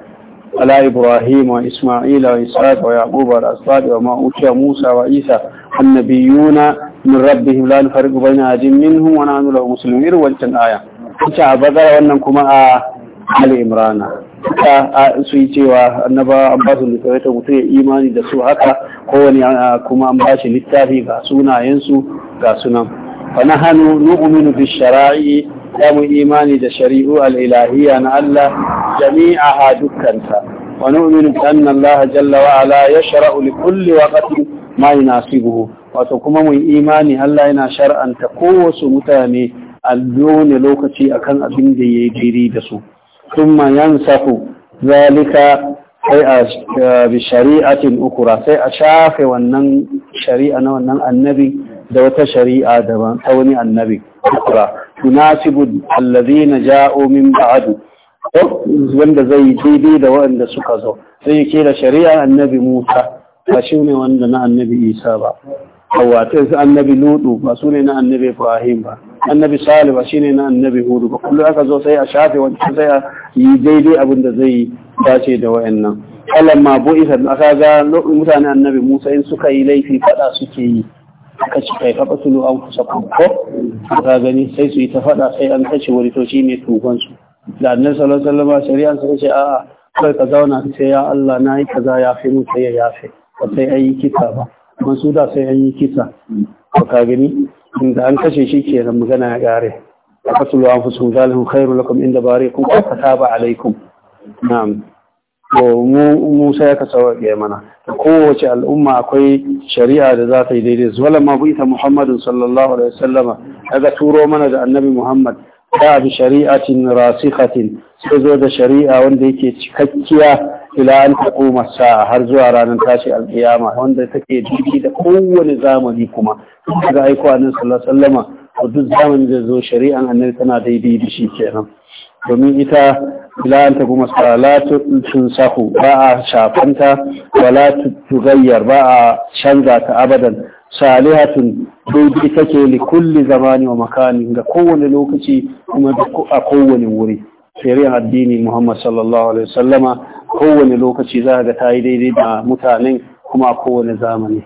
ala ibrahim wa isma'ila wa isaaq wa yaqub wa asbaq wa ma utiya musa wa isa annabiyuna min rabbihim la nufarriqu baina ahadin minhum wa nahnu lahu kuma a ali imrana haka su yi cewa annaba an ba su littafi mutum ya imani da su haka kowane kuma an ba shi littafi ga sunayensu ga sunan fana hannu nu'minu bi shara'i ya mu imani da shari'u al'ilahiyya na Allah jami'a ha dukkanta wa nu'minu bi anna Allah jalla wa ala yashra'u li kulli waqtin ma yunasibuhu wato kuma mu imani Allah yana shar'anta kowace mutane a lokaci akan abin da ya yi daidai da su thumma yansahu zalika sai a uh, bi shari'atin ukura sai a shafe wannan shari'a na wannan annabi da wata shari'a daban ta wani annabi ukura tunasibu min wanda zai daidai da waɗanda suka zo sai yake da shari'a annabi Musa ba shi ne wanda na annabi Isa ba wato annabi Lutu ba su ne na annabi Ibrahim ba annabi salihu shi ne na annabi hudu ba kullum aka zo sai a shafe wancan sai a yi daidai abin da zai dace da wayannan alam ma bu isa aka ga mutane annabi musa in suka yi laifi fada suke yi aka ci kai fa basulu an kusa ko aka gani sai su yi ta fada sai an kace wani to ne tugon su da annabi sallallahu alaihi shari'a sai ce a'a kai ka zauna sai ya Allah na yi kaza ya fi mun ya yafe ba sai an yi kisa ba masu da sai an yi kisa ka gani inda an kashe shi kenan magana ya gare fasulu an fusu zalihun khairu lakum inda barikum ko ba alaikum na'am to Musa ya kasa waƙe mana kowace al'umma akwai shari'a da za ta yi daidai wala ma bu ita sallallahu alaihi wasallama daga turo mana da annabi Muhammad da bi shari'atin rasikhatin sai zo da shari'a wanda yake cikakkiya ila an taquma sa'a har zuwa ranar tashi alkiyama wanda take daidai da kowane zamani kuma tun daga aiko annabi sallallahu alaihi wasallama to duk zamanin da zo shari'an annabi tana daidai da shi kenan domin ita ila an kuma sa'a la tunsahu ba a shafanta wala tugayyar ba a canza ta abadan salihatun daidai take li kulli zamani wa makani ga kowane lokaci kuma a kowane wuri shari'ar addini Muhammad sallallahu alaihi wasallama kowane lokaci za ga ta yi daidai da mutanen kuma kowane zamani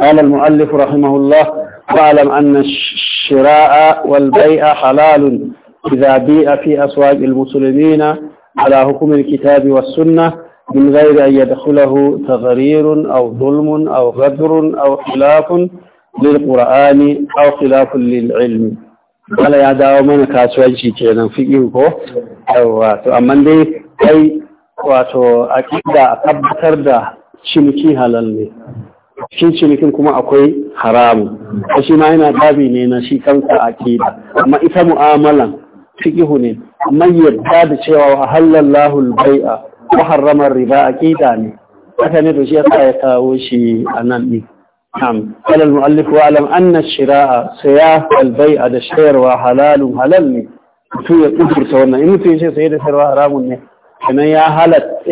قال المؤلف رحمه الله واعلم أن الشراء والبيع حلال إذا بيع في أسواق المسلمين على حكم الكتاب والسنة من غير أن يدخله تغرير أو ظلم أو غدر أو خلاف للقرآن أو خلاف للعلم bala ya dawo mana kasuwanci kenan fiƙin ko yawa to amma dai kai wato a aqida a tabbatar da ciniki halal ne cikin cinikin kuma akwai haramu ko shi ma yana dabi ne na shi kanka a aqida amma ita mu'amalan fiƙihu ne amma yadda da cewa wa halallahu baia wa harrama riba aqida ne haka ne to shi ya sa ya kawo shi a nan din نعم قال المؤلف واعلم أن الشراء سياه البيع ده شير وحلال حلال ne mutum ya kudurta wannan in mutum ya ce sai da sayarwa haramun ne sannan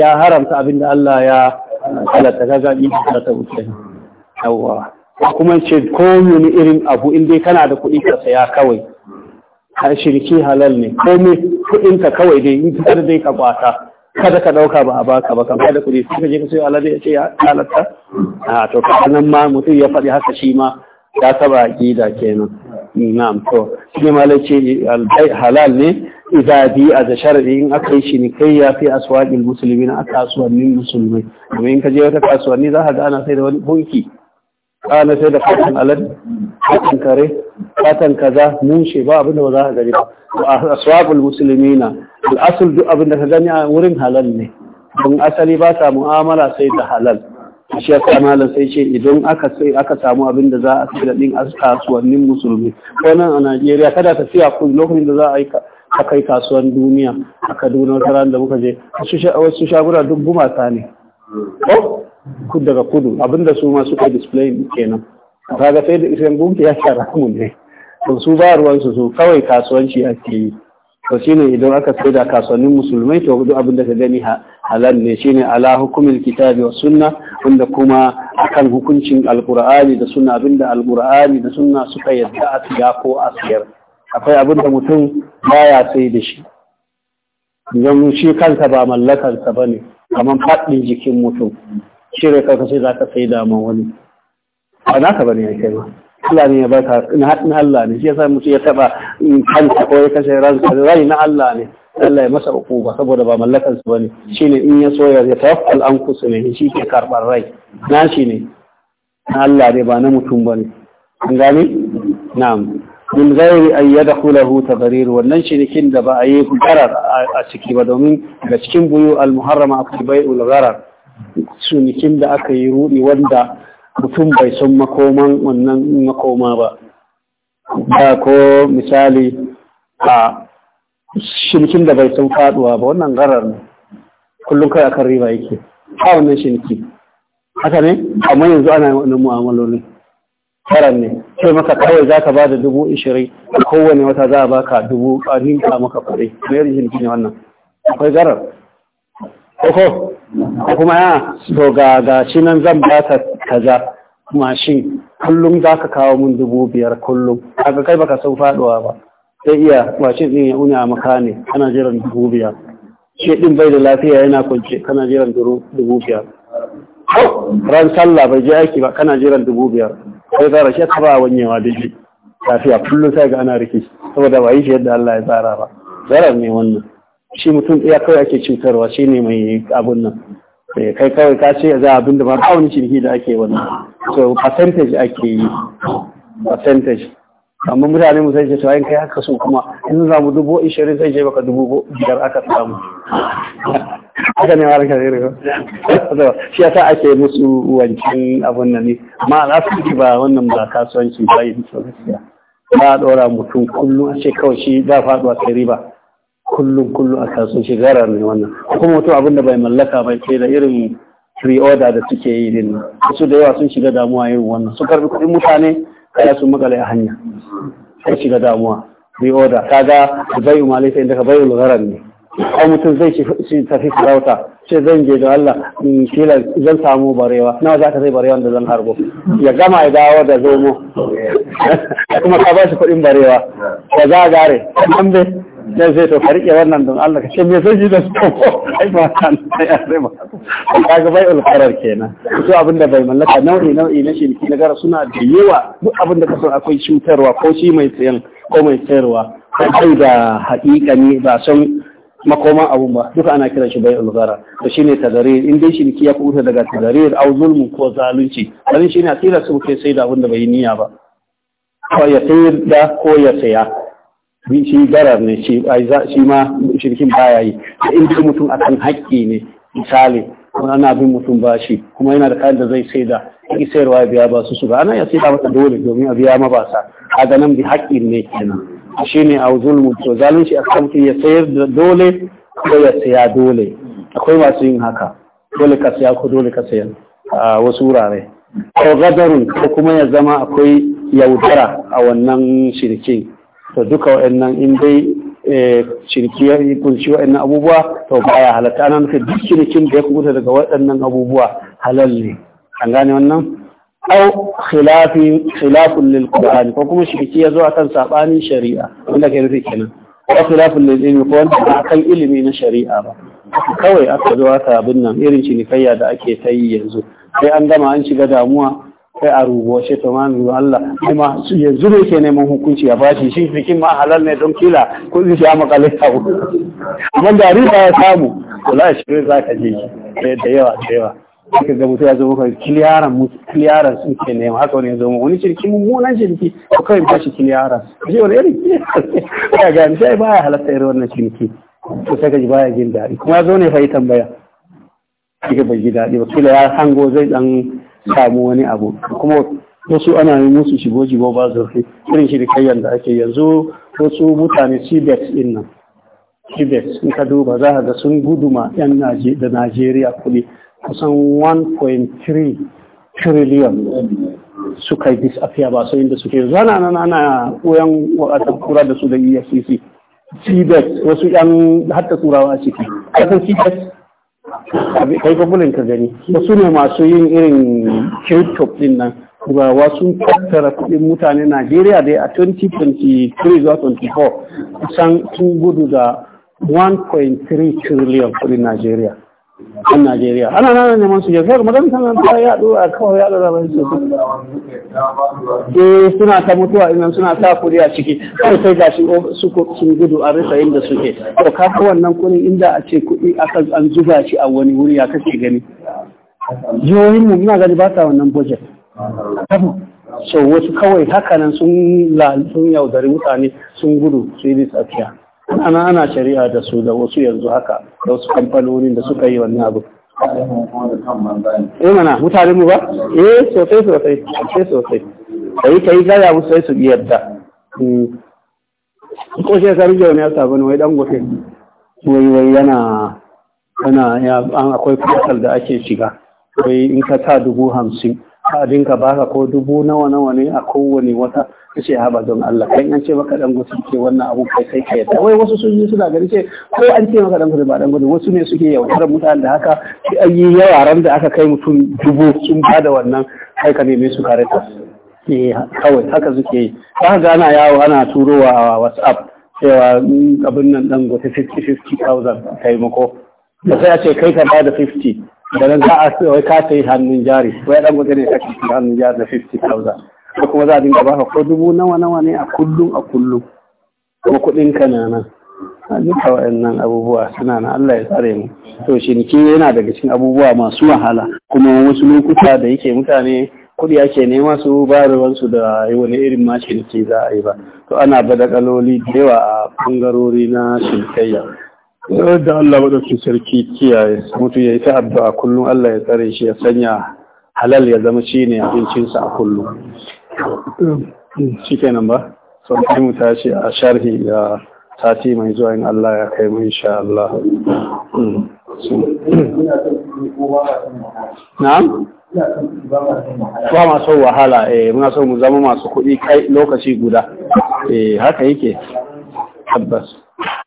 ya haramta abin da Allah ya halatta kaga ni da ta wuce yawa kuma ce ko wani irin abu in dai kana da kuɗi ka saya kawai har halal ne komai kawai dai in dai ka kwata kada ka dauka ba a baka ba kamar da kuɗi sai ka je ka alade ya ce ya halatta a to nan ma mutum ya faɗi haka shi ma ya taba gida kenan na'am to shi ma lace halal ne idza bi a da sharadi in aka yi shi ne kai ya fi musulmi muslimin a kasuwannin musulmai kuma in ka je wata kasuwanni za ka ga sai da wani bunki Ana sai da fatan alad fatan kare fatan kaza mushe ba abinda ba za ka gani ba aswabul muslimina al'asul duk abinda ka gani a wurin halal ne don asali ba sa mu'amala sai da halal shi ya sa malam sai ce idan aka sai aka samu abin da za a sai da din kasuwannin musulmi ko nan a Najeriya kada ta siya kun lokacin da za a yi a kai kasuwan duniya a Kaduna wata da muka je wasu shagura duk gumaka ne daga kudu abinda su ma suka display kenan kaga sai da isan gunki ya tsara mu ne to su ba ruwan su kawai kasuwanci ake yi to shine idan aka sai da kasuwannin musulmai to duk abinda ka gani halal ne shine ala hukumil kitabi wa sunna wanda kuma akan hukuncin alqur'ani da sunna abinda alqur'ani da sunna suka yadda a siya ko a siyar akwai abinda mutum baya sai da shi don shi kanta ba ba bane kamar faɗin jikin mutum cire ka sai za ka sai da man wani ba naka bane ya kai ma Allah ne ya baka na Allah ne shi yasa mutum ya taɓa kansa ko ya kashe ransa rai na Allah ne Allah ya masa uku ba saboda ba mallakansu ba ne. Shi ne in ya so ya tawakkal an kusa ne shi ke karɓar rai na shi ne na Allah ne ba na mutum ba bane an gane na'am min gairi an yada hulahu tagarir wannan shi cinikin da ba a yi garar a ciki ba domin ga cikin buyu al-muharrama akwai bai'ul garar Sunikin da aka yi ruɗi wanda mutum bai san makoman wannan makoma ba ba ko misali a shirkin da bai san faduwa ba wannan garar ne kullum kai akan riba yake a wannan shirki haka ne amma yanzu ana wannan mu'amalolin faran ne sai maka kawai za ka ba da dubu ishirin kowane wata za a baka dubu a ninka maka kuɗi mai shirki ne wannan akwai garar Oho, ko kuma ya ah, so ga shi nan zan ba ka kaza mashin kullum za ka kawo mun dubu biyar kullum kaga kai baka san faduwa ba zai iya mashin din ya una maka ne kana jiran dubu biyar shi din bai da lafiya yana kwance kana jiran dubu biyar ran sallah bai je aiki ba kana jiran dubu biyar sai tsara shi ka ba wanyewa shi lafiya kullum sai ga ana rikici saboda ba yi shi yadda Allah ya tsara ba zarar ne wannan shi mutum ɗaya kawai ake cutarwa shi ne mai abun nan eh, kai kawai ka ce za abin da ba ba wani ciniki da ake wannan so percentage ake yi percentage amma mutane mu sai ce to ayin kai haka so kuma in za mu dubu ishirin sai ce baka dubu biyar aka samu haka ne ma rika rika shi yasa ake musu wancan abun nan ne amma al'asar ba wannan ba kasuwanci ba yi gaskiya ba a ɗora mutum kullum a ce kawai shi ba faɗuwa sai riba kullum kullum a kasuwa shigara ne wannan kuma mutum abin da bai mallaka bai sai da irin pre-order da suke yi din su da yawa sun shiga damuwa yin wannan su karbi kuɗin mutane kaya sun makale a hanya sai shiga damuwa pre-order kaga bai ma laifin inda ka bai lugaran ne ko mutum zai ci tafi sarauta ce zan je da Allah kila zan samu barewa nawa za ka sai barewa da zan harbo ya gama ya dawo da zomo kuma ka ba shi kuɗin barewa ya za a gare dan sai to karke wannan don Allah ka ce me sai da ko ai ba san sai ba ga bai ulqarar kenan abin da bai mallaka nau'i nau'i na shirki na gara suna da yawa duk abin da ka san akwai cutarwa ko shi mai sayan ko mai tsayarwa. kai da haƙiƙa ne ba san makoman abun ba duka ana kiran shi bai'ul gharar to shine tazarir in dai shirki ya kuta daga tazarir au zulmu ko zalunci wani shine asira su ke sai da abin da bai niyya ba ko ya sayar da ko ya saya bi shi garar ne shi ma shirkin baya yi a dai mutum akan haƙƙi ne misali kuma ana bin mutum bashi kuma yana da kayan da zai saida in sayarwa ya biya ba su su ba ana ya da mata dole domin a biya mabasa a ganin bi haƙƙin ne kenan shi ne a zulmu to zalunci a kan mutum ya sayar da dole ko ya saya dole akwai masu yin haka dole ka saya ko dole ka sayar a wasu wurare ko gadarun ko kuma ya zama akwai yaudara a wannan shirkin to duka wa'annan in dai eh, ciniki ya kunshi wa'annan abubuwa to ya halatta ana nufin duk cinikin da ya kubuta daga waɗannan abubuwa halal ne an gane wannan au khilafin khilafun lil qur'ani ko kuma shirki ya zo akan sabanin shari'a wanda ke nufi kenan ko khilafin lil ilmi ko wanda ba kan ilimi na shari'a ba kawai aka zo aka abin nan irin cinikayya da ake ta yi yanzu sai an gama an shiga damuwa sai a rubuce to ma mu Allah kuma yanzu ne ke neman hukunci ya bashi shi fikin ma halal ne don kila ko zai ya makale ta ku amma da riba ya samu wallahi shi ne zaka je sai da yawa da yawa suka ga mutum ya zo maka kiliyaran mu kiliyaran su ke nema haka wani ya zo wani shirki munan shirki ko kawai ba shi kiliyaran shi wani irin kiliyaran ya ga ba baya halatta irin wannan shirki to sai ka ji baya jin daɗi kuma ya zo ne fa yi tambaya kika bai ji daɗi ba kila ya hango zai dan samu wani abu kuma wasu ana yi musu shigo shigo ba zurfi irin shi da ake yanzu wasu mutane cibet din nan cibet in ka duba za ga sun guduma yan da najeriya kuɗi kusan 1.3 trillion suka yi disafiya ba sai inda suke zana nan ana koyan wadatar kura da su da efcc cibet wasu yan hatta turawa a ciki kasan cibet kai gugulin ka gani wasu ne masu yin irin crypto din nan turawa sun tattara kuɗin mutane najeriya dai a 2023 zuwa 24 kusan sun gudu da 1.3 trillion kuɗin najeriya a Najeriya ana nan neman su jefa madan sanan ta yaɗo a kawai yaɗo da bai sosai eh, suna ta mutuwa inan suna ta kuri a ciki kawai sai gashi su sun gudu a rasa inda suke to ka wannan kurin inda a ce kuɗi aka an zuba shi a wani wuri a kake gani jihohin mu muna gani ba ta wannan budget so wasu kawai hakanan sun sun yaudari mutane sun gudu su yi tsakiya ana ana shari'a da su da wasu yanzu haka da wasu kamfanonin da suka yi wannan abu eh mana mutane mu ba eh sosai sosai sosai sosai kai kai gaya musu sai su yarda hmm. ko shi ya sami ne ya sabu wai dan gofe wai wai yana yana akwai fasal da ake shiga wai in ka ta dubu hamsin a dinka baka ko dubu nawa nawa ne a kowane wata kace haba don Allah kai an ce maka dan gudu ce wannan abu kai kai kai da wai wasu sun yi suna gari ce ko an ce maka dan gudu ba dan gudu wasu ne suke yautar mutane da haka sai an yi ran da aka kai mutum dubu sun bada wannan kai ka neme su kare ta eh, kawai haka suke yi ba ga ana yawo ana turowa a WhatsApp cewa mm, abin nan dan gudu 50 50,000 taimako da sai a ce kai ka bada 50 da nan za a ce wai ka sayi hannun jari wai dan gote ne ka ci hannun jari na 50000 ko kuma za a dinga baka ko dubu nawa nawa ne a kullum a kullum kuma kuɗin ka na nan duka waɗannan abubuwa suna na Allah ya tsare mu to ciniki yana daga cikin abubuwa masu wahala kuma wasu lokuta da yake mutane kuɗi ake nema su ba wansu da wani irin ma ciniki za a yi ba to ana bada kaloli da yawa a bangarori na cinikayya da Allah madauki sarki kiyaye mutu ya yi ta a kullum Allah ya tsare shi ya sanya halal ya zama shi ne abincinsa a kullum shi ba sau kai mu tashi a sharhi ga sati mai zuwa in Allah ya kai mu insha Allah na'am ba masu wahala eh muna so mu zama masu kuɗi kai lokaci guda eh haka yake tabbas